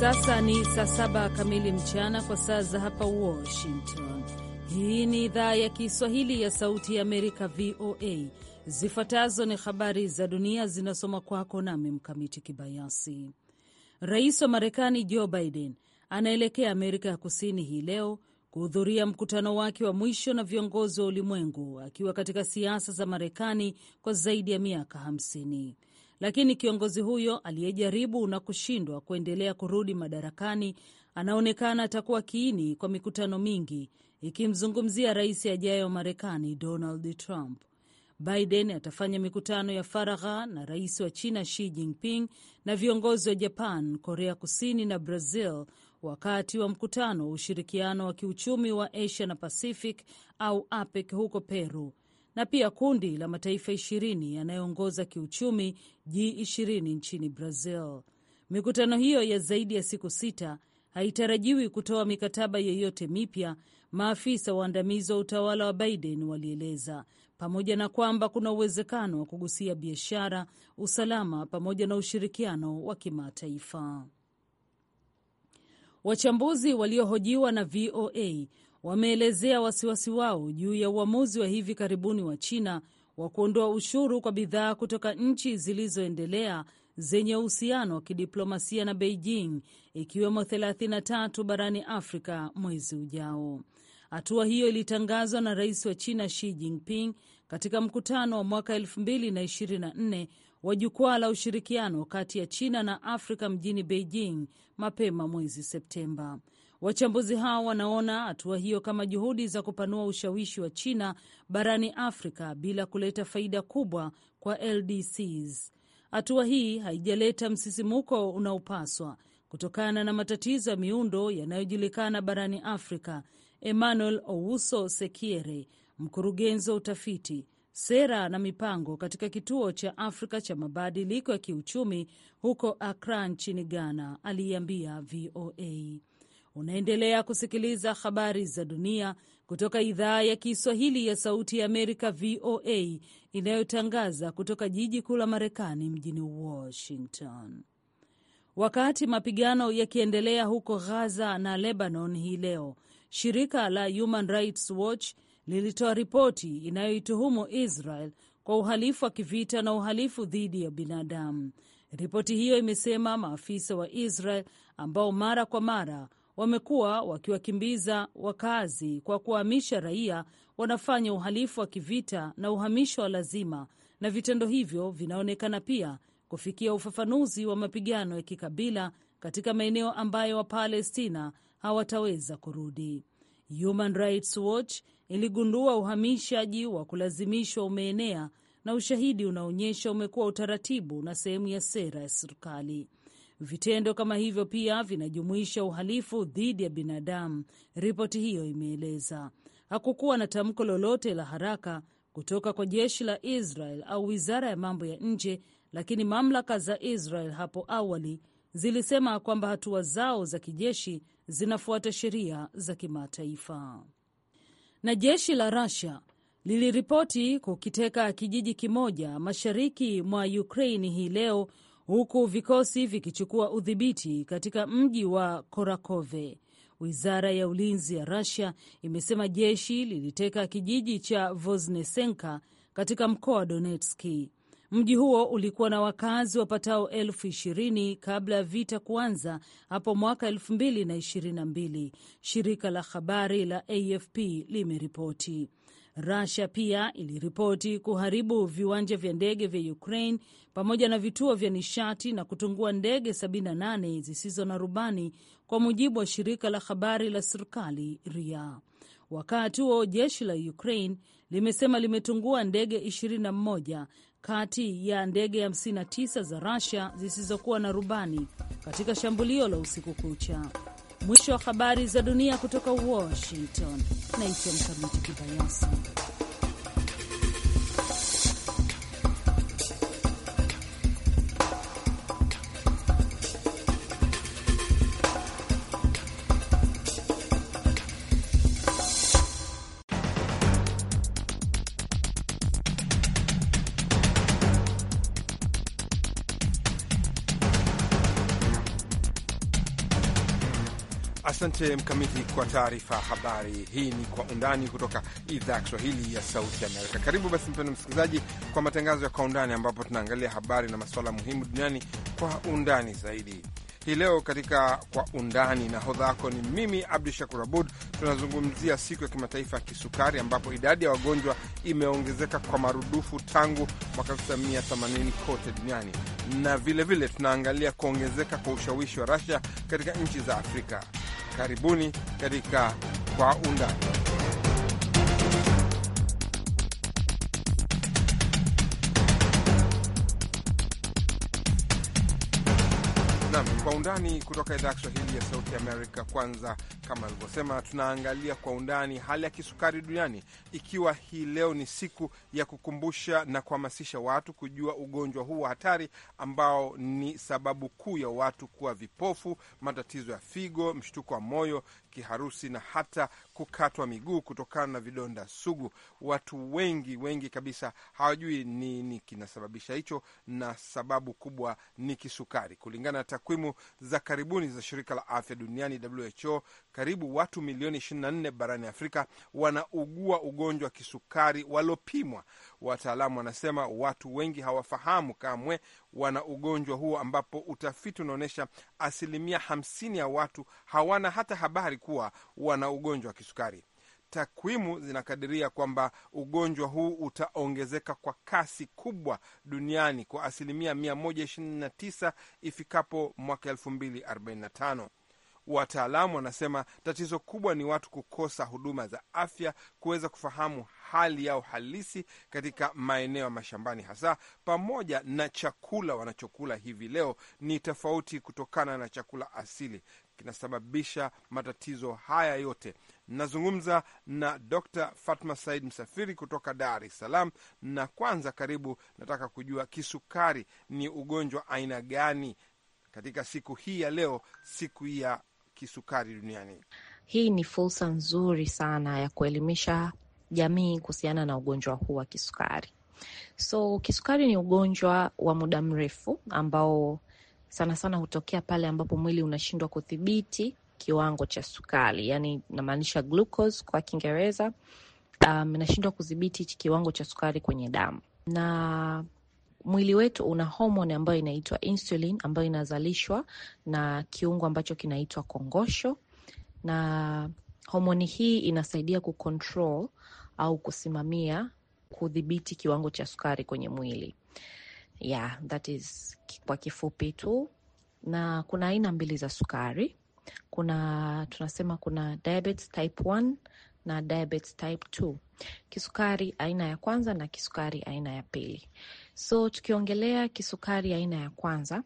Sasa ni saa saba kamili mchana kwa saa za hapa Washington. Hii ni idhaa ya Kiswahili ya Sauti ya Amerika, VOA. Zifuatazo ni habari za dunia zinasoma kwako nami Mkamiti Kibayasi. Rais wa Marekani Joe Biden anaelekea Amerika ya Kusini hii leo kuhudhuria mkutano wake wa mwisho na viongozi wa ulimwengu akiwa katika siasa za Marekani kwa zaidi ya miaka hamsini lakini kiongozi huyo aliyejaribu na kushindwa kuendelea kurudi madarakani anaonekana atakuwa kiini kwa mikutano mingi ikimzungumzia rais ajaye wa Marekani Donald Trump. Biden atafanya mikutano ya faragha na rais wa China Xi Jinping na viongozi wa Japan, Korea Kusini na Brazil wakati wa mkutano wa ushirikiano wa kiuchumi wa Asia na Pacific au APEC huko Peru na pia kundi la mataifa ishirini yanayoongoza kiuchumi G20 nchini Brazil. Mikutano hiyo ya zaidi ya siku sita haitarajiwi kutoa mikataba yeyote mipya, maafisa waandamizi wa utawala wa Biden walieleza, pamoja na kwamba kuna uwezekano wa kugusia biashara, usalama pamoja na ushirikiano wa kimataifa. Wachambuzi waliohojiwa na VOA wameelezea wasiwasi wao juu ya uamuzi wa hivi karibuni wa China wa kuondoa ushuru kwa bidhaa kutoka nchi zilizoendelea zenye uhusiano wa kidiplomasia na Beijing, ikiwemo 33 barani Afrika mwezi ujao. Hatua hiyo ilitangazwa na rais wa China Xi Jinping katika mkutano wa mwaka 2024 wa jukwaa la ushirikiano kati ya China na Afrika mjini Beijing mapema mwezi Septemba. Wachambuzi hao wanaona hatua hiyo kama juhudi za kupanua ushawishi wa China barani Afrika bila kuleta faida kubwa kwa LDCs. Hatua hii haijaleta msisimuko unaopaswa kutokana na matatizo ya miundo yanayojulikana barani Afrika. Emmanuel Owuso Sekiere, mkurugenzi wa utafiti sera na mipango katika kituo cha Afrika cha mabadiliko ya kiuchumi huko Akra nchini Ghana, aliiambia VOA. Unaendelea kusikiliza habari za dunia kutoka idhaa ya Kiswahili ya Sauti ya Amerika, VOA, inayotangaza kutoka jiji kuu la Marekani, mjini Washington. Wakati mapigano yakiendelea huko Gaza na Lebanon hii leo, shirika la Human Rights Watch lilitoa ripoti inayoituhumu Israel kwa uhalifu wa kivita na uhalifu dhidi ya binadamu. Ripoti hiyo imesema maafisa wa Israel ambao mara kwa mara wamekuwa wakiwakimbiza wakazi kwa kuwahamisha raia wanafanya uhalifu wa kivita na uhamisho wa lazima, na vitendo hivyo vinaonekana pia kufikia ufafanuzi wa mapigano ya kikabila katika maeneo ambayo Wapalestina hawataweza kurudi. Human Rights Watch iligundua uhamishaji wa kulazimishwa umeenea na ushahidi unaonyesha umekuwa utaratibu na sehemu ya sera ya serikali. Vitendo kama hivyo pia vinajumuisha uhalifu dhidi ya binadamu, ripoti hiyo imeeleza. Hakukuwa na tamko lolote la haraka kutoka kwa jeshi la Israel au wizara ya mambo ya nje, lakini mamlaka za Israel hapo awali zilisema kwamba hatua zao za kijeshi zinafuata sheria za kimataifa. Na jeshi la Russia liliripoti kukiteka kijiji kimoja mashariki mwa Ukraini hii leo huku vikosi vikichukua udhibiti katika mji wa Korakove. Wizara ya ulinzi ya rasia imesema jeshi liliteka kijiji cha Voznesenka katika mkoa wa Donetski. Mji huo ulikuwa na wakazi wapatao elfu ishirini kabla ya vita kuanza hapo mwaka elfu mbili na ishirini na mbili, shirika la habari la AFP limeripoti. Russia pia iliripoti kuharibu viwanja vya ndege vya Ukraine pamoja na vituo vya nishati na kutungua ndege 78 zisizo na rubani, kwa mujibu wa shirika la habari la serikali RIA. Wakati huo jeshi la Ukraine limesema limetungua ndege 21 kati ya ndege 59 za Russia zisizokuwa na rubani katika shambulio la usiku kucha. Mwisho wa habari za dunia kutoka Washington. Naitwa Mkamiti Kibayasi. Asante Mkamiti kwa taarifa ya habari. Hii ni Kwa Undani kutoka idhaa ya Kiswahili ya Sauti Amerika. Karibu basi, mpendo msikilizaji, kwa matangazo ya Kwa Undani ambapo tunaangalia habari na masuala muhimu duniani kwa undani zaidi. Hii leo katika Kwa Undani na hodha yako ni mimi Abdu Shakur Abud. Tunazungumzia siku ya kimataifa ya kisukari, ambapo idadi ya wagonjwa imeongezeka kwa marudufu tangu mwaka 1980 kote duniani, na vilevile vile tunaangalia kuongezeka kwa ushawishi wa Rasia katika nchi za Afrika. Karibuni katika Kwa Undani. undani kutoka idhaa ya Kiswahili ya Sauti Amerika. Kwanza, kama alivyosema, tunaangalia kwa undani hali ya kisukari duniani, ikiwa hii leo ni siku ya kukumbusha na kuhamasisha watu kujua ugonjwa huu wa hatari ambao ni sababu kuu ya watu kuwa vipofu, matatizo ya figo, mshtuko wa moyo, kiharusi na hata kukatwa miguu kutokana na vidonda sugu. Watu wengi wengi kabisa hawajui nini kinasababisha hicho, na sababu kubwa ni kisukari. Kulingana na takwimu za karibuni za shirika la afya duniani WHO, karibu watu milioni 24 barani Afrika wanaugua ugonjwa wa kisukari walopimwa. Wataalamu wanasema watu wengi hawafahamu kamwe wana ugonjwa huo, ambapo utafiti unaonyesha asilimia 50 ya watu hawana hata habari kuwa wana ugonjwa wa kisukari. Takwimu zinakadiria kwamba ugonjwa huu utaongezeka kwa kasi kubwa duniani kwa asilimia 129 ifikapo mwaka 2045. Wataalamu wanasema tatizo kubwa ni watu kukosa huduma za afya, kuweza kufahamu hali yao halisi katika maeneo ya mashambani, hasa pamoja na chakula wanachokula hivi leo ni tofauti kutokana na chakula asili kinasababisha matatizo haya yote. Nazungumza na Dr Fatma Said Msafiri kutoka Dar es Salaam, na kwanza karibu, nataka kujua kisukari ni ugonjwa aina gani katika siku hii ya leo, siku ya kisukari duniani. Hii ni fursa nzuri sana ya kuelimisha jamii kuhusiana na ugonjwa huu wa kisukari. So kisukari ni ugonjwa wa muda mrefu ambao sana sana hutokea pale ambapo mwili unashindwa kudhibiti kiwango cha sukari, yani namaanisha glucose kwa Kiingereza. Um, inashindwa kudhibiti kiwango cha sukari kwenye damu na mwili wetu una homoni ambayo inaitwa insulin ambayo inazalishwa na kiungo ambacho kinaitwa kongosho, na homoni hii inasaidia kucontrol au kusimamia, kudhibiti kiwango cha sukari kwenye mwili. Yeah, that is kwa kifupi tu. Na kuna aina mbili za sukari, kuna tunasema kuna diabetes type 1 na diabetes type 2, kisukari aina ya kwanza na kisukari aina ya pili. So tukiongelea kisukari aina ya kwanza,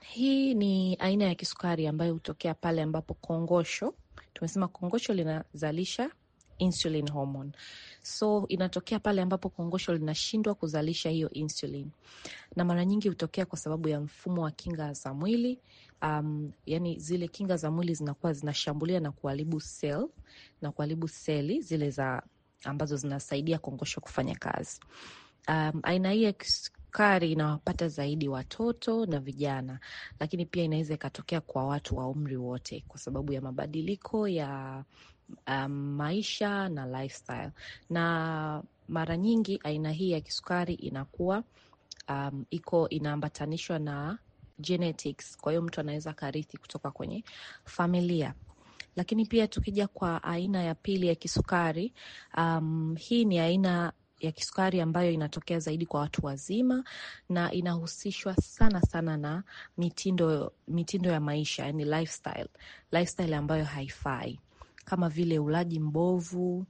hii ni aina ya kisukari ambayo hutokea pale ambapo kongosho, tumesema kongosho linazalisha insulin hormone. So inatokea pale ambapo kongosho linashindwa kuzalisha hiyo insulin, na mara nyingi hutokea kwa sababu ya mfumo wa kinga za mwili um, yani zile kinga za mwili zinakuwa zinashambulia na kuharibu sel na kuharibu seli zile za ambazo zinasaidia kongosho kufanya kazi um, aina hii ya kisukari inawapata zaidi watoto na vijana, lakini pia inaweza ikatokea kwa watu wa umri wote kwa sababu ya mabadiliko ya um, maisha na lifestyle. Na mara nyingi aina hii ya kisukari inakuwa um, iko inaambatanishwa na genetics, kwa hiyo mtu anaweza karithi kutoka kwenye familia lakini pia tukija kwa aina ya pili ya kisukari um, hii ni aina ya kisukari ambayo inatokea zaidi kwa watu wazima na inahusishwa sana sana na mitindo, mitindo ya maisha yani lifestyle, lifestyle ambayo haifai kama vile ulaji mbovu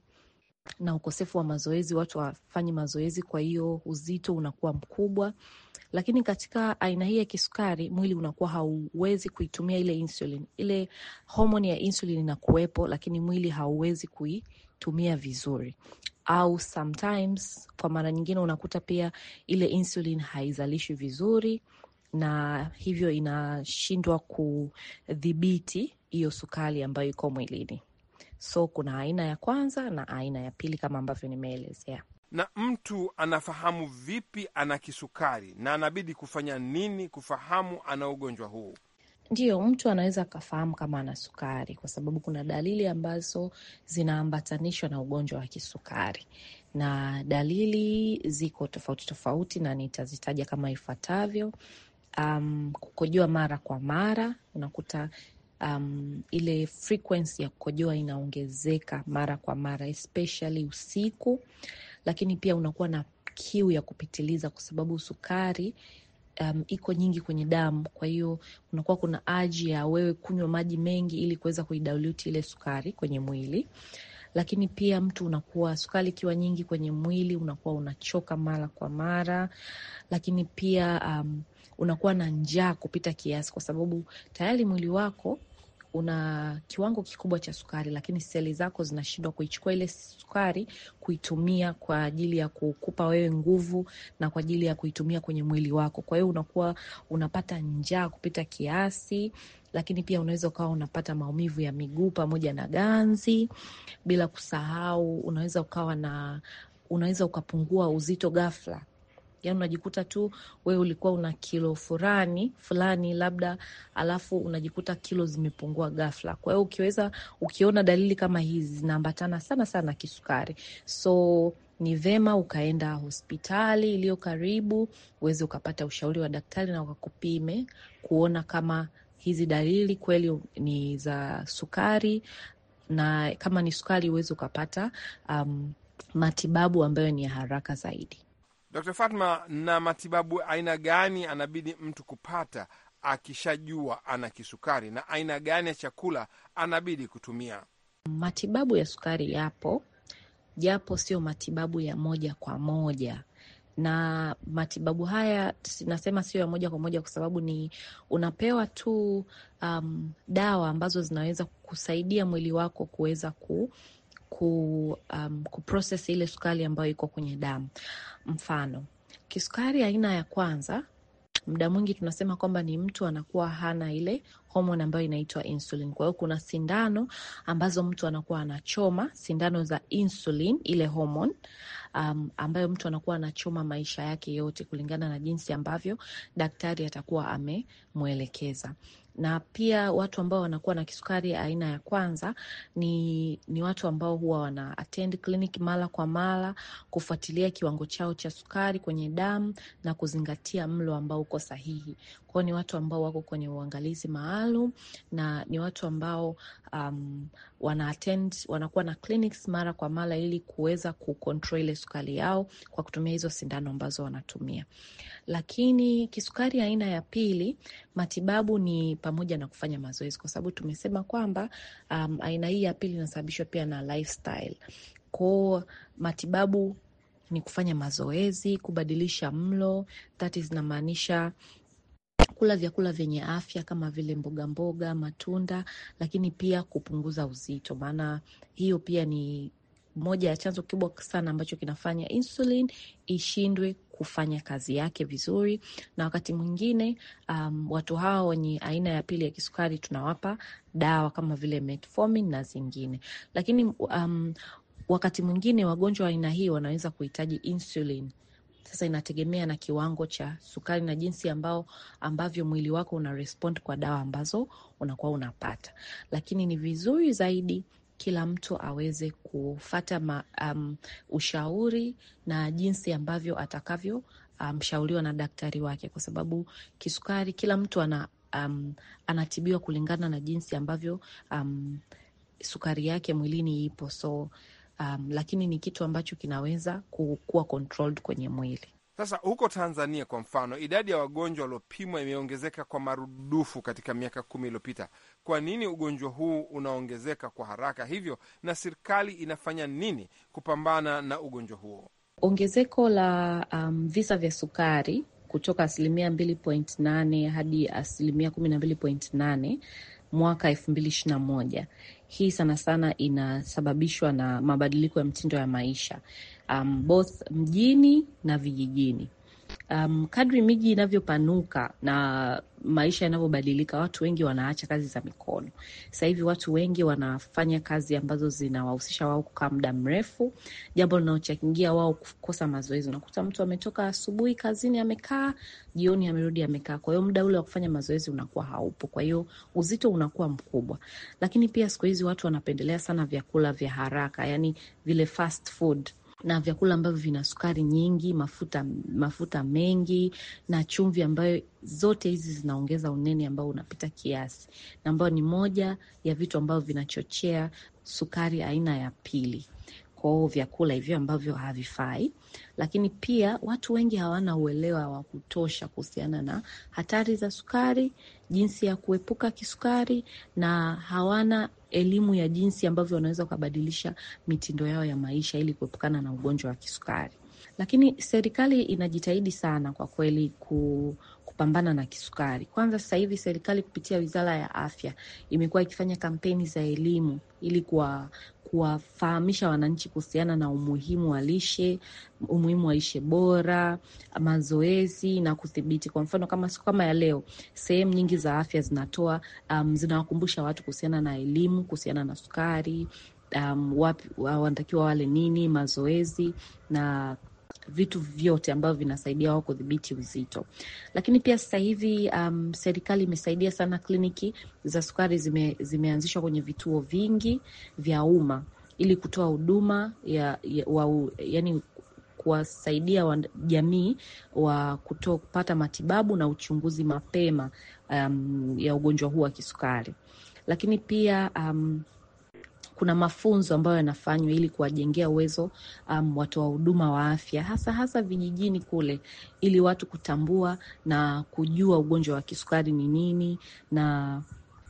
na ukosefu wa mazoezi. Watu wafanyi mazoezi, kwa hiyo uzito unakuwa mkubwa. Lakini katika aina hii ya kisukari, mwili unakuwa hauwezi kuitumia ile insulin. Ile homoni ya insulin inakuwepo, lakini mwili hauwezi kuitumia vizuri au sometimes, kwa mara nyingine unakuta pia ile insulin haizalishi vizuri, na hivyo inashindwa kudhibiti hiyo sukari ambayo iko mwilini. So kuna aina ya kwanza na aina ya pili kama ambavyo nimeelezea. Na mtu anafahamu vipi ana kisukari na anabidi kufanya nini kufahamu ana ugonjwa huu? Ndiyo, mtu anaweza akafahamu kama ana sukari, kwa sababu kuna dalili ambazo zinaambatanishwa na ugonjwa wa kisukari, na dalili ziko tofauti tofauti, na nitazitaja kama ifuatavyo: um, kukojoa mara kwa mara, unakuta um, ile frequency ya kukojoa inaongezeka mara kwa mara especially usiku, lakini pia unakuwa na kiu ya kupitiliza, kwa sababu sukari um, iko nyingi kwenye damu, kwa hiyo kunakuwa kuna aji ya wewe kunywa maji mengi ili kuweza kuidaluti ile sukari kwenye mwili lakini pia mtu unakuwa sukari ikiwa nyingi kwenye mwili unakuwa unachoka mara kwa mara, lakini pia um, unakuwa na njaa kupita kiasi, kwa sababu tayari mwili wako una kiwango kikubwa cha sukari, lakini seli zako zinashindwa kuichukua ile sukari kuitumia kwa ajili ya kukupa wewe nguvu na kwa ajili ya kuitumia kwenye mwili wako. Kwa hiyo unakuwa unapata njaa kupita kiasi, lakini pia unaweza ukawa unapata maumivu ya miguu pamoja na ganzi, bila kusahau unaweza ukawa na unaweza ukapungua uzito ghafla Yani unajikuta tu wewe ulikuwa una kilo fulani fulani labda, alafu unajikuta kilo zimepungua ghafla. Kwa hiyo ukiweza, ukiona dalili kama hizi zinaambatana sana sana kisukari, so ni vema ukaenda hospitali iliyo karibu uweze ukapata ushauri wa daktari na wakakupime kuona kama hizi dalili kweli ni za sukari, na kama ni sukari uweze ukapata um, matibabu ambayo ni ya haraka zaidi. Dr Fatma, na matibabu aina gani anabidi mtu kupata akishajua ana kisukari na aina gani ya chakula anabidi kutumia? Matibabu ya sukari yapo, japo sio matibabu ya moja kwa moja na matibabu haya nasema sio ya moja kwa moja kwa sababu ni unapewa tu um, dawa ambazo zinaweza kusaidia mwili wako kuweza ku ku, um, kuprocess ile sukari ambayo iko kwenye damu. Mfano, kisukari aina ya kwanza muda mwingi tunasema kwamba ni mtu anakuwa hana ile homoni ambayo inaitwa insulin. Kwa hiyo kuna sindano ambazo mtu anakuwa anachoma, sindano za insulin, ile homoni um, ambayo mtu anakuwa anachoma maisha yake yote kulingana na jinsi ambavyo daktari atakuwa amemwelekeza na pia watu ambao wanakuwa na kisukari aina ya kwanza ni, ni watu ambao huwa wana attend clinic mara kwa mara kufuatilia kiwango chao cha sukari kwenye damu na kuzingatia mlo ambao uko sahihi. Kwao ni watu ambao wako kwenye uangalizi maalum na ni watu ambao um, wana attend, wanakuwa na clinics mara kwa mara ili kuweza kucontrol ile sukari yao kwa kutumia hizo sindano ambazo wanatumia. Lakini kisukari aina ya pili, matibabu ni pamoja na kufanya mazoezi, kwa sababu tumesema kwamba um, aina hii ya pili inasababishwa pia na lifestyle. Kwa matibabu ni kufanya mazoezi, kubadilisha mlo, that is namaanisha kula vyakula vyenye afya kama vile mboga mboga, matunda, lakini pia kupunguza uzito, maana hiyo pia ni moja ya chanzo kikubwa sana ambacho kinafanya insulin ishindwe kufanya kazi yake vizuri. Na wakati mwingine um, watu hawa wenye aina ya pili ya kisukari tunawapa dawa kama vile metformin na zingine, lakini um, wakati mwingine wagonjwa wa aina hii wanaweza kuhitaji insulin sasa inategemea na kiwango cha sukari na jinsi ambao ambavyo mwili wako una respond kwa dawa ambazo unakuwa unapata, lakini ni vizuri zaidi kila mtu aweze kufata ma, um, ushauri na jinsi ambavyo atakavyo mshauriwa um, na daktari wake, kwa sababu kisukari kila mtu ana, um, anatibiwa kulingana na jinsi ambavyo um, sukari yake mwilini ipo so um, lakini ni kitu ambacho kinaweza kuwa controlled kwenye mwili. Sasa huko Tanzania kwa mfano, idadi ya wagonjwa waliopimwa imeongezeka kwa marudufu katika miaka kumi iliyopita. Kwa nini ugonjwa huu unaongezeka kwa haraka hivyo, na serikali inafanya nini kupambana na ugonjwa huo? Ongezeko la um, visa vya sukari kutoka asilimia 2.8 hadi asilimia 12.8 mwaka 2021 hii sana sana inasababishwa na mabadiliko ya mtindo ya maisha um, both mjini na vijijini um, kadri miji inavyopanuka na maisha yanavyobadilika, watu wengi wanaacha kazi za mikono. Sasa hivi watu wengi wanafanya kazi ambazo zinawahusisha wao kukaa muda mrefu, jambo linalochangia wao kukosa mazoezi. Unakuta mtu ametoka asubuhi kazini amekaa, jioni amerudi amekaa. Kwa hiyo muda ule wa kufanya mazoezi unakuwa haupo, kwa hiyo uzito unakuwa mkubwa. Lakini pia siku hizi watu wanapendelea sana vyakula vya haraka, yani vile fast food na vyakula ambavyo vina sukari nyingi, mafuta mafuta mengi na chumvi, ambayo zote hizi zinaongeza unene ambao unapita kiasi, na ambayo ni moja ya vitu ambavyo vinachochea sukari aina ya pili. kwao vyakula hivyo ambavyo havifai, lakini pia watu wengi hawana uelewa wa kutosha kuhusiana na hatari za sukari, jinsi ya kuepuka kisukari, na hawana elimu ya jinsi ambavyo wanaweza kubadilisha mitindo yao ya maisha ili kuepukana na ugonjwa wa kisukari. Lakini serikali inajitahidi sana kwa kweli ku kupambana na kisukari. Kwanza, sasa hivi serikali kupitia Wizara ya Afya imekuwa ikifanya kampeni za elimu ili kuwafahamisha wananchi kuhusiana na umuhimu wa lishe, umuhimu wa lishe bora, mazoezi na kudhibiti. Kwa mfano kama siku kama ya leo, sehemu nyingi za afya zinatoa um, zinawakumbusha watu kuhusiana na elimu kuhusiana na sukari um, wapi wanatakiwa wale nini, mazoezi na vitu vyote ambavyo vinasaidia wao kudhibiti uzito. Lakini pia sasa hivi um, serikali imesaidia sana, kliniki za sukari zime, zimeanzishwa kwenye vituo vingi vya umma ili kutoa huduma ya, ya, wa, yani kuwasaidia jamii wa kuto, kupata matibabu na uchunguzi mapema um, ya ugonjwa huu wa kisukari. Lakini pia um, kuna mafunzo ambayo yanafanywa ili kuwajengea uwezo um, watoa huduma wa afya hasa hasa vijijini kule, ili watu kutambua na kujua ugonjwa wa kisukari ni nini na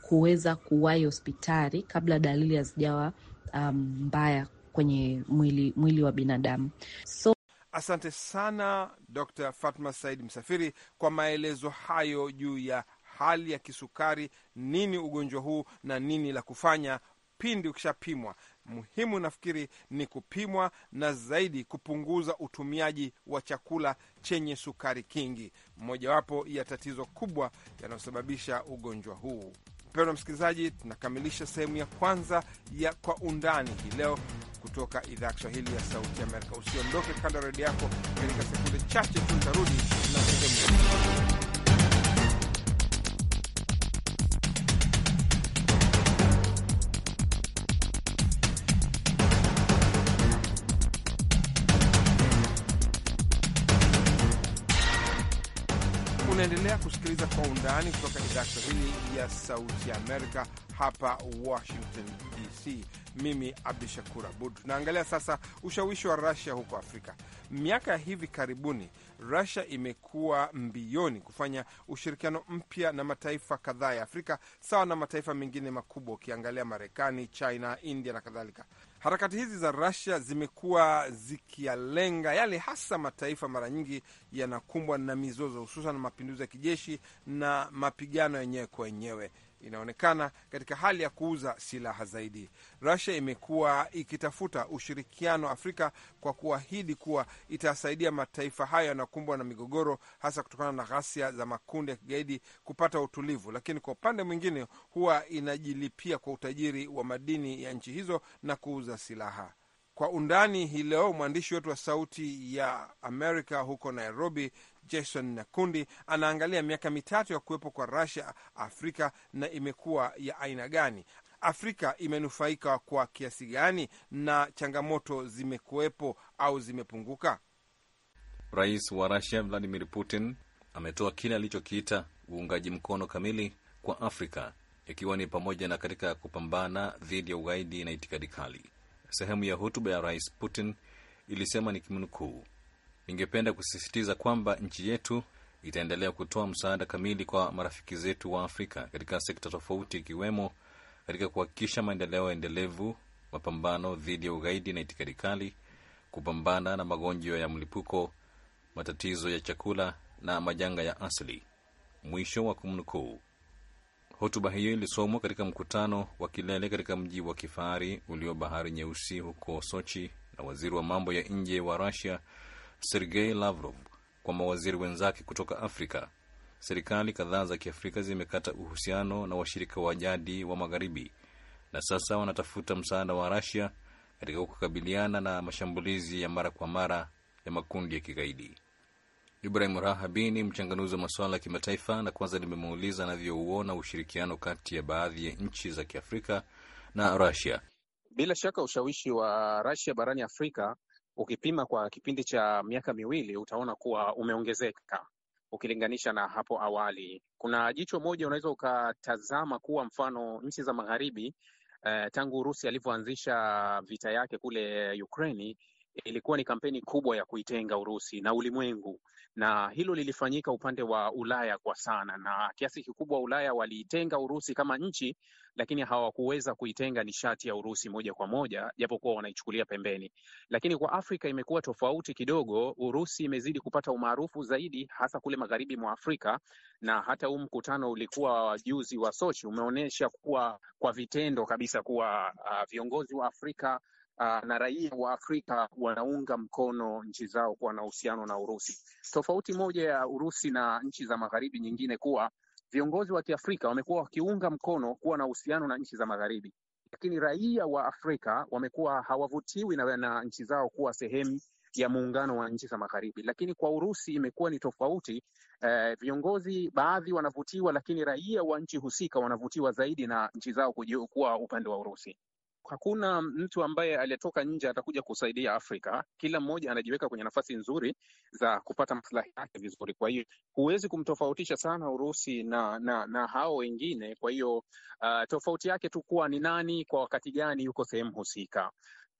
kuweza kuwahi hospitali kabla dalili hazijawa um, mbaya kwenye mwili, mwili wa binadamu so... Asante sana Dr. Fatma Said Msafiri kwa maelezo hayo juu ya hali ya kisukari, nini ugonjwa huu na nini la kufanya pindi ukishapimwa. Muhimu nafikiri ni kupimwa na zaidi kupunguza utumiaji wa chakula chenye sukari kingi, mojawapo ya tatizo kubwa yanayosababisha ugonjwa huu. Mpendwa msikilizaji, tunakamilisha sehemu ya kwanza ya Kwa Undani hii leo kutoka idhaa ya Kiswahili ya Sauti Amerika. Usiondoke kando ya redio yako, katika sekunde chache tu nitarudi na sehemu Unaendelea kusikiliza Kwa Undani kutoka idhaa Kiswahili ya Sauti ya Amerika hapa Washington DC. Mimi Abdu Shakur Abud. Tunaangalia sasa ushawishi wa Rusia huko Afrika. Miaka ya hivi karibuni, Rusia imekuwa mbioni kufanya ushirikiano mpya na mataifa kadhaa ya Afrika, sawa na mataifa mengine makubwa, ukiangalia Marekani, China, India na kadhalika. Harakati hizi za Russia zimekuwa zikiyalenga yale hasa mataifa mara nyingi yanakumbwa na mizozo, hususan mapinduzi ya kijeshi na mapigano yenyewe kwa wenyewe inaonekana katika hali ya kuuza silaha zaidi. Rusia imekuwa ikitafuta ushirikiano Afrika kwa kuahidi kuwa itasaidia mataifa hayo yanayokumbwa na migogoro, hasa kutokana na ghasia za makundi ya kigaidi kupata utulivu, lakini kwa upande mwingine huwa inajilipia kwa utajiri wa madini ya nchi hizo na kuuza silaha. Kwa undani hii leo, mwandishi wetu wa Sauti ya Amerika huko Nairobi, Jason Nakundi, anaangalia miaka mitatu ya kuwepo kwa Russia Afrika na imekuwa ya aina gani, Afrika imenufaika kwa kiasi gani, na changamoto zimekuwepo au zimepunguka. Rais wa Russia Vladimir Putin ametoa kile alichokiita uungaji mkono kamili kwa Afrika, ikiwa ni pamoja na katika kupambana dhidi ya ugaidi na itikadi kali sehemu ya hotuba ya Rais Putin ilisema nikimnukuu, ningependa kusisitiza kwamba nchi yetu itaendelea kutoa msaada kamili kwa marafiki zetu wa Afrika katika sekta tofauti, ikiwemo katika kuhakikisha maendeleo endelevu, mapambano dhidi ya ugaidi na itikadi kali, kupambana na magonjwa ya mlipuko, matatizo ya chakula na majanga ya asili. Mwisho wa kumnukuu. Hotuba hiyo ilisomwa katika mkutano wa kilele katika mji wa kifahari ulio bahari nyeusi huko Sochi na waziri wa mambo ya nje wa Rusia Sergei Lavrov kwa mawaziri wenzake kutoka Afrika. Serikali kadhaa za Kiafrika zimekata uhusiano na washirika wa jadi wa Magharibi na sasa wanatafuta msaada wa Rusia katika kukabiliana na mashambulizi ya mara kwa mara ya makundi ya kigaidi. Ibrahim Rahabi ni mchanganuzi wa masuala ya kimataifa, na kwanza nimemuuliza anavyouona ushirikiano kati ya baadhi ya nchi za kiafrika na rasia Bila shaka ushawishi wa rasia barani Afrika ukipima kwa kipindi cha miaka miwili utaona kuwa umeongezeka ukilinganisha na hapo awali. Kuna jicho moja unaweza ukatazama kuwa mfano nchi za magharibi eh, tangu Urusi alivyoanzisha vita yake kule Ukraini ilikuwa ni kampeni kubwa ya kuitenga Urusi na ulimwengu, na hilo lilifanyika upande wa Ulaya kwa sana, na kiasi kikubwa Ulaya waliitenga Urusi kama nchi, lakini hawakuweza kuitenga nishati ya Urusi moja kwa moja, japokuwa wanaichukulia pembeni. Lakini kwa Afrika imekuwa tofauti kidogo. Urusi imezidi kupata umaarufu zaidi, hasa kule magharibi mwa Afrika, na hata huu mkutano ulikuwa wajuzi juzi wa Sochi umeonyesha kuwa kwa vitendo kabisa kuwa uh, viongozi wa Afrika uh, na raia wa Afrika wanaunga mkono nchi zao kuwa na uhusiano na Urusi. Tofauti moja ya Urusi na nchi za magharibi nyingine kuwa viongozi wa Kiafrika wamekuwa wakiunga mkono kuwa na uhusiano na nchi za magharibi, lakini raia wa Afrika wamekuwa hawavutiwi na, na nchi zao kuwa sehemu ya muungano wa nchi za magharibi. Lakini kwa Urusi imekuwa ni tofauti eh, viongozi baadhi wanavutiwa, lakini raia wa nchi husika wanavutiwa zaidi na nchi zao kuwa upande wa Urusi hakuna mtu ambaye aliyetoka nje atakuja kusaidia Afrika. Kila mmoja anajiweka kwenye nafasi nzuri za kupata maslahi yake vizuri. Kwa hiyo huwezi kumtofautisha sana Urusi na, na, na hao wengine. Kwa hiyo uh, tofauti yake tu kuwa ni nani kwa wakati gani yuko sehemu husika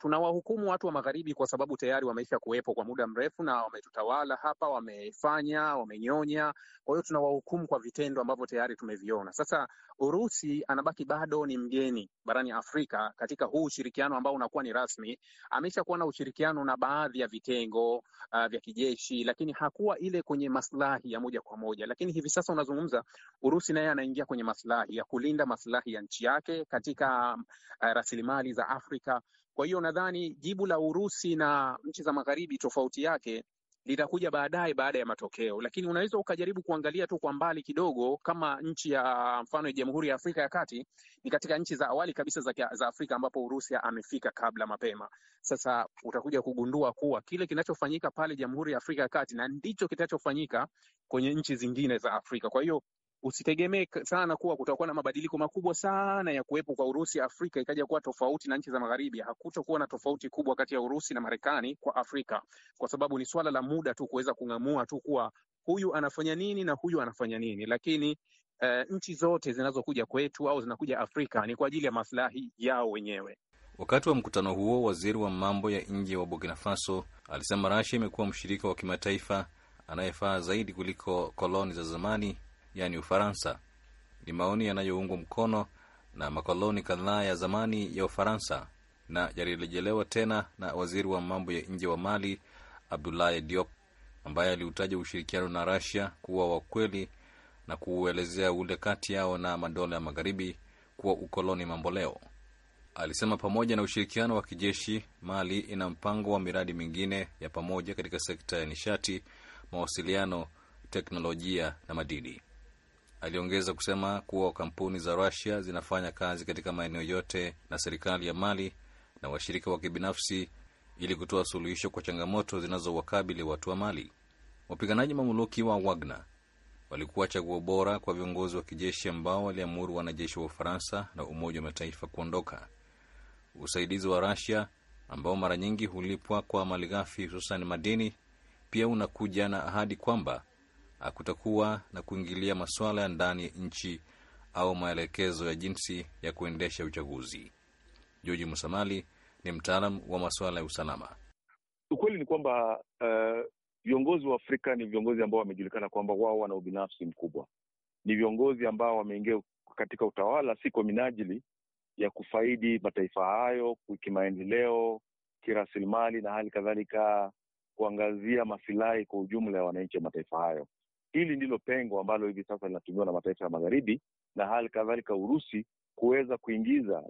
tunawahukumu watu wa magharibi kwa sababu tayari wameisha kuwepo kwa muda mrefu na wametutawala hapa, wamefanya, wamenyonya. Kwa hiyo tunawahukumu kwa vitendo ambavyo tayari tumeviona. Sasa Urusi anabaki bado ni mgeni barani Afrika katika huu ushirikiano ambao unakuwa ni rasmi. Amesha kuwa na ushirikiano na baadhi ya vitengo uh, vya kijeshi, lakini hakuwa ile kwenye maslahi ya moja kwa moja. Lakini hivi sasa unazungumza, Urusi naye anaingia kwenye maslahi ya kulinda maslahi ya nchi yake katika uh, rasilimali za Afrika kwa hiyo nadhani jibu la Urusi na nchi za magharibi tofauti yake litakuja baadaye baada ya matokeo, lakini unaweza ukajaribu kuangalia tu kwa mbali kidogo, kama nchi ya mfano ya Jamhuri ya Afrika ya Kati ni katika nchi za awali kabisa za, za Afrika ambapo Urusi amefika kabla mapema. Sasa utakuja kugundua kuwa kile kinachofanyika pale Jamhuri ya Afrika ya Kati na ndicho kitachofanyika kwenye nchi zingine za Afrika. Kwa hiyo usitegemee sana kuwa kutakuwa na mabadiliko makubwa sana ya kuwepo kwa Urusi Afrika ikaja kuwa tofauti na nchi za magharibi. Hakutokuwa na tofauti kubwa kati ya Urusi na Marekani kwa Afrika, kwa sababu ni swala la muda tu kuweza kung'amua tu kuwa huyu anafanya nini na huyu anafanya nini, lakini uh, nchi zote zinazokuja kwetu au zinakuja Afrika ni kwa ajili ya maslahi yao wenyewe. Wakati wa mkutano huo, waziri wa mambo ya nje wa Burkina Faso alisema rasha imekuwa mshirika wa kimataifa anayefaa zaidi kuliko koloni za zamani yaani Ufaransa. Ni maoni yanayoungwa mkono na makoloni kadhaa ya zamani ya Ufaransa na yalirejelewa tena na waziri wa mambo ya nje wa Mali Abdoulaye Diop ambaye aliutaja ushirikiano na Russia kuwa wa kweli na kuuelezea ule kati yao na madola ya magharibi kuwa ukoloni mamboleo. Alisema pamoja na ushirikiano wa kijeshi, Mali ina mpango wa miradi mingine ya pamoja katika sekta ya nishati, mawasiliano, teknolojia na madini. Aliongeza kusema kuwa kampuni za Rusia zinafanya kazi katika maeneo yote na serikali ya Mali na washirika wa kibinafsi ili kutoa suluhisho kwa changamoto zinazowakabili watu wa Mali. Wapiganaji mamuluki wa Wagner walikuwa chaguo bora kwa viongozi wa kijeshi ambao waliamuru wanajeshi wa Ufaransa na Umoja wa Mataifa kuondoka. Usaidizi wa Rusia ambao mara nyingi hulipwa kwa malighafi, hususan madini, pia unakuja na ahadi kwamba hakutakuwa na kuingilia masuala ya ndani ya nchi au maelekezo ya jinsi ya kuendesha uchaguzi. George Musamali ni mtaalam wa masuala ya usalama. Ukweli ni kwamba eh, viongozi uh, wa Afrika ni viongozi ambao wamejulikana kwamba wao wana ubinafsi mkubwa. Ni viongozi ambao wameingia katika utawala si kwa minajili ya kufaidi mataifa hayo kimaendeleo, kirasilimali na hali kadhalika kuangazia masilahi kwa ujumla ya wananchi wa mataifa hayo. Hili ndilo pengo ambalo hivi sasa linatumiwa na mataifa ya magharibi na hali kadhalika Urusi kuweza kuingiza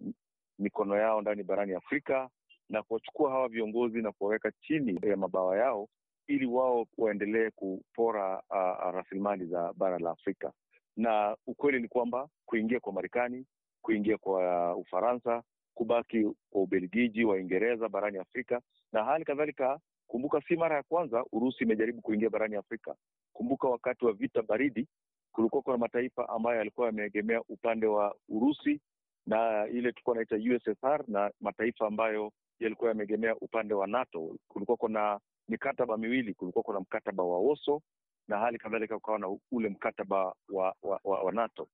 mikono yao ndani barani Afrika na kuwachukua hawa viongozi na kuwaweka chini ya mabawa yao ili wao waendelee kupora uh, rasilimali za bara la Afrika. Na ukweli ni kwamba kuingia kwa Marekani, kuingia kwa Ufaransa, kubaki kwa Ubelgiji, Waingereza barani Afrika na hali kadhalika, kumbuka, si mara ya kwanza Urusi imejaribu kuingia barani Afrika. Kumbuka wakati wa vita baridi kulikuwa kuna mataifa ambayo yalikuwa yameegemea upande wa Urusi na ile tulikuwa naita USSR na mataifa ambayo yalikuwa yameegemea upande wa NATO. Kulikuwa kuna mikataba miwili, kulikuwa kuna mkataba wa woso na hali kadhalika ukawa na ule mkataba wa, wa, wa, wa NATO.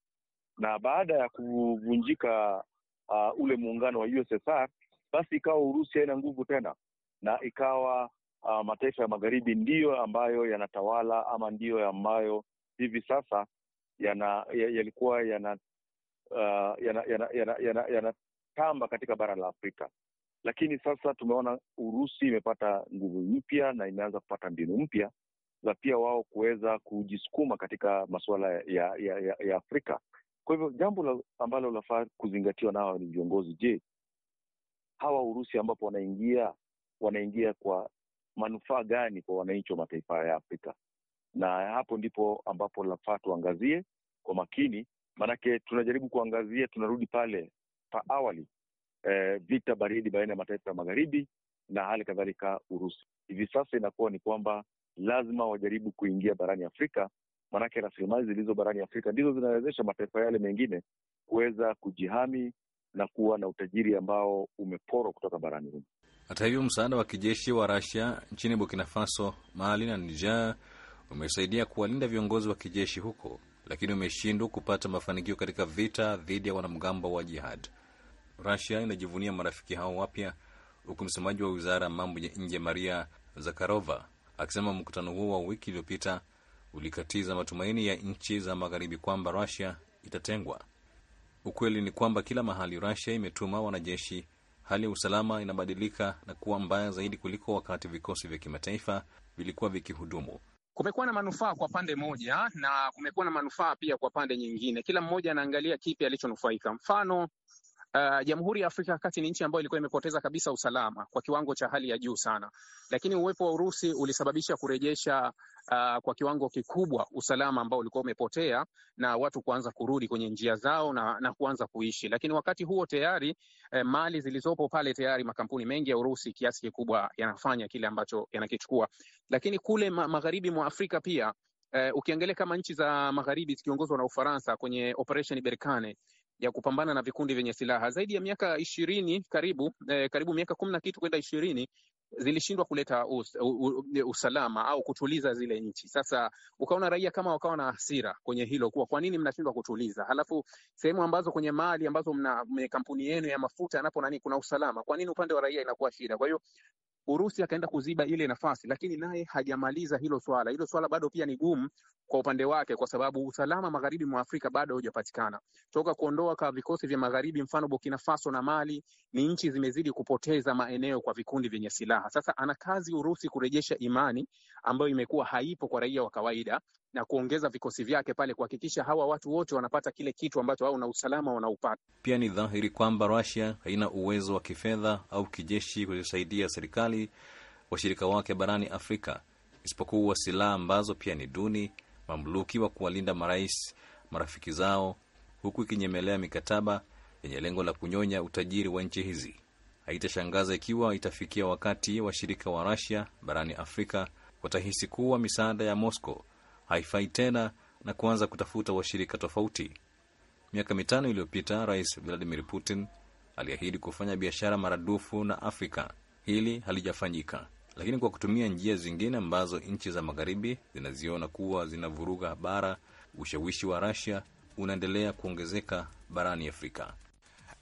Na baada ya kuvunjika uh, ule muungano wa USSR, basi ikawa Urusi haina nguvu tena, na ikawa uh, mataifa ya magharibi ndiyo ambayo yanatawala ama ndiyo ambayo hivi sasa yana yalikuwa yana uh, yanatamba katika bara la Afrika, lakini sasa tumeona Urusi imepata nguvu mpya na imeanza kupata mbinu mpya za pia wao kuweza kujisukuma katika masuala ya, ya, ya, ya Afrika. Kwa hivyo jambo la, ambalo lafaa kuzingatiwa nao ni viongozi. Je, hawa Urusi ambapo wanaingia wanaingia kwa manufaa gani kwa wananchi wa mataifa ya Afrika, na hapo ndipo ambapo lafaa tuangazie kwa makini, maanake tunajaribu kuangazia, tunarudi pale pa awali eh, vita baridi baina ya mataifa ya magharibi na hali kadhalika Urusi. Hivi sasa inakuwa ni kwamba lazima wajaribu kuingia barani Afrika, maanake rasilimali zilizo barani Afrika ndizo zinawezesha mataifa yale mengine kuweza kujihami na kuwa na utajiri ambao umeporwa kutoka barani humo. Hata hivyo, msaada wa kijeshi wa rasia nchini Burkina Faso, Mali na Niger umesaidia kuwalinda viongozi wa kijeshi huko, lakini umeshindwa kupata mafanikio katika vita dhidi ya wanamgambo wa jihad. rasia inajivunia marafiki hao wapya, huku msemaji wa wizara ya mambo ya nje Maria Zakharova akisema mkutano huo wa wiki iliyopita ulikatiza matumaini ya nchi za magharibi kwamba rasia itatengwa. Ukweli ni kwamba kila mahali Rasia imetuma wanajeshi hali ya usalama inabadilika na kuwa mbaya zaidi kuliko wakati vikosi vya kimataifa vilikuwa vikihudumu. Kumekuwa na manufaa kwa pande moja na kumekuwa na manufaa pia kwa pande nyingine. Kila mmoja anaangalia kipi alichonufaika. Mfano, Eh, Jamhuri uh, ya Afrika ya Kati ni nchi ambayo ilikuwa imepoteza kabisa usalama kwa kiwango cha hali ya juu sana, lakini uwepo wa Urusi ulisababisha kurejesha uh, kwa kiwango kikubwa usalama ambao ulikuwa umepotea na watu kuanza kurudi kwenye njia zao na, na kuanza kuishi. Lakini wakati huo tayari eh, mali zilizopo pale tayari makampuni mengi ya Urusi kiasi kikubwa yanafanya kile ambacho yanakichukua, lakini kule ma magharibi mwa Afrika pia Uh, ukiangalia kama nchi za magharibi zikiongozwa na Ufaransa kwenye operation Berkane ya kupambana na vikundi vyenye silaha zaidi ya miaka ishirini karibu eh, karibu miaka kumi na kitu kwenda ishirini zilishindwa kuleta us, u, u, usalama au kutuliza zile nchi. Sasa ukaona raia kama wakawa na hasira kwenye hilo, kuwa kwa nini mnashindwa kutuliza, halafu sehemu ambazo kwenye mali ambazo mna kampuni yenu ya mafuta yanapo nani kuna usalama, kwa nini upande wa raia inakuwa shida? Kwa hiyo Urusi akaenda kuziba ile nafasi, lakini naye hajamaliza hilo swala. Hilo swala bado pia ni gumu kwa upande wake, kwa sababu usalama magharibi mwa Afrika bado haujapatikana toka kuondoa kwa vikosi vya magharibi. Mfano Burkina Faso na Mali ni nchi zimezidi kupoteza maeneo kwa vikundi vyenye silaha. Sasa ana kazi Urusi kurejesha imani ambayo imekuwa haipo kwa raia wa kawaida, na kuongeza vikosi vyake pale kuhakikisha hawa watu wote wanapata kile kitu ambacho wao na usalama wanaupata. Pia ni dhahiri kwamba Russia haina uwezo wa kifedha au kijeshi kuzisaidia serikali washirika wake barani Afrika, isipokuwa silaha ambazo pia ni duni, mamluki wa kuwalinda marais, marafiki zao, huku ikinyemelea mikataba yenye lengo la kunyonya utajiri wa nchi hizi. Haitashangaza ikiwa itafikia wakati washirika wa Russia barani Afrika watahisi kuwa misaada ya Moscow haifai tena na kuanza kutafuta washirika tofauti. Miaka mitano iliyopita, Rais Vladimir Putin aliahidi kufanya biashara maradufu na Afrika. Hili halijafanyika, lakini kwa kutumia njia zingine ambazo nchi za magharibi zinaziona kuwa zinavuruga bara, ushawishi wa Russia unaendelea kuongezeka barani Afrika.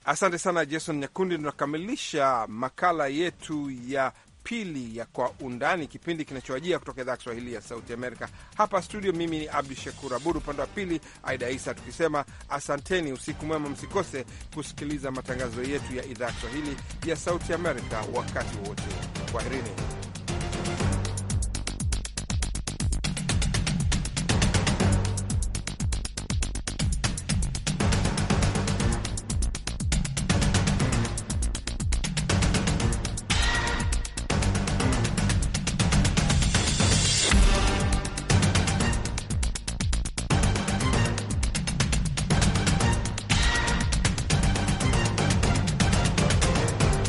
Asante sana Jason Nyakundi. Tunakamilisha makala yetu ya pili ya Kwa Undani, kipindi kinachoajia kutoka idhaa ya Kiswahili ya Sauti Amerika hapa studio. Mimi ni Abdu Shakur Abud, upande wa pili Aida Isa, tukisema asanteni, usiku mwema, msikose kusikiliza matangazo yetu ya idhaa ya Kiswahili ya Sauti Amerika wakati wote Kwaherini.